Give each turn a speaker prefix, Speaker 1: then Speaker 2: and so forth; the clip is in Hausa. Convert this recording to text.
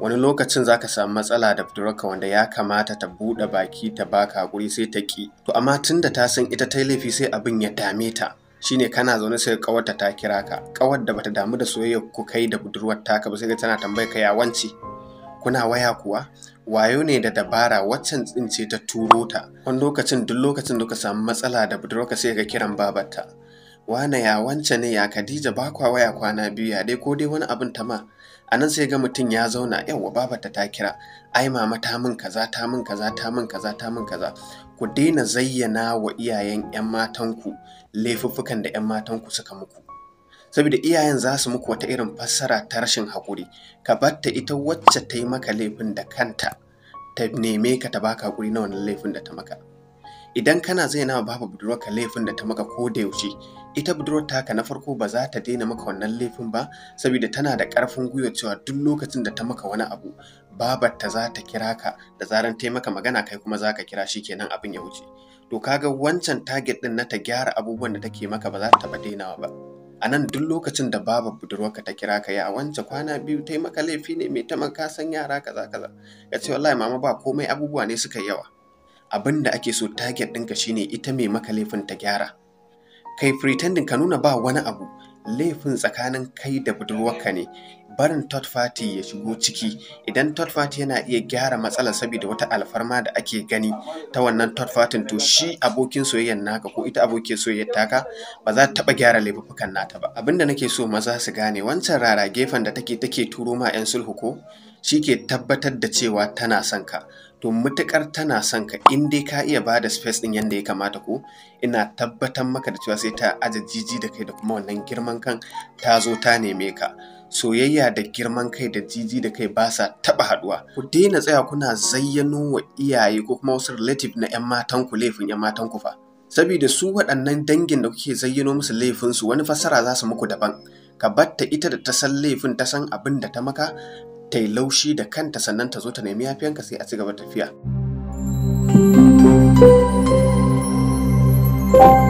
Speaker 1: wani lokacin za ka samu matsala da budurarka wanda ya kamata ta buɗe baki ta baka hakuri sai ta ƙi to amma tun da ta san ita ta laifi sai abin ya dame ta Shi shine kana zaune sai kawarta ta kira ka kawar da bata damu da soyayya ku kai da budurwar taka ba sai ga tana tambayar ka yawanci kuna waya kuwa wayo ne da dabara waccan tsince ta turo ta wani lokacin duk lokacin da ka samu matsala da budurwarka sai ka kiran babarta wane ya wance ne ya Khadija ba kwa waya kwana biyu ya dai ko dai wani abin ta ma a nan sai ga mutum ya zauna wa babata ta kira ai mama ta min kaza ta min kaza ta min kaza ta min kaza ku daina zayyana wa iyayen yan matanku laifuffukan da yan matanku suka muku saboda iyayen za su muku wata irin fassara ta rashin haƙuri ka batta ita wacce ta yi maka laifin da kanta ta neme ka ta baka haƙuri na wannan laifin da ta maka idan kana zaina babu budurwarka laifin da ta maka ko da yaushe ita budurwar taka na farko ba za ta daina maka wannan laifin ba saboda tana da karfin gwiwa cewa duk lokacin da ta maka wani abu babar ta za ta kira ka da zaran ta maka magana kai kuma za ka kira shi kenan abin ya wuce to kaga wancan target din na ta gyara abubuwan da take maka ba za ta taba dainawa ba a nan duk lokacin da babar budurwarka ta kira ka ya wance kwana biyu ta maka laifi ne mai ta maka san yara kaza kaza ya ce wallahi mama ba komai abubuwa ne suka yawa abin da ake so target ɗinka shine ita mai maka laifin ta gyara kai pretending ka nuna ba wani abu laifin tsakanin kai da budurwarka ne barin third party ya shigo ciki idan third party yana iya gyara matsala saboda wata alfarma da ake gani ta wannan third party to shi abokin soyayyar naka ko ita abokin soyayyar taka ba za ta taba gyara laifukan nata ba Abin abinda nake so maza su gane wancan rara gefen da take take turo ma yan sulhu ko shi ke tabbatar da cewa tana son ka to mutukar tana son ka in dai ka iya ba da space din yadda ya kamata ko ina tabbatar maka da cewa sai ta aje jiji da kai da kuma wannan girman kan ta zo ta neme ka soyayya da girman kai da jiji da kai ba sa taɓa haɗuwa. Ku daina tsaya kuna zayyano wa iyaye ko kuma wasu relative na 'yan matanku laifin 'yan matanku fa. Sabida su waɗannan dangin da kuke zayyano musu laifinsu wani fassara za su muku daban. Ka batta ita da ta san laifin ta san abin da ta maka, ta yi laushi da kanta sannan ta zo ta nemi yafiyanka sai a ci gaba tafiya.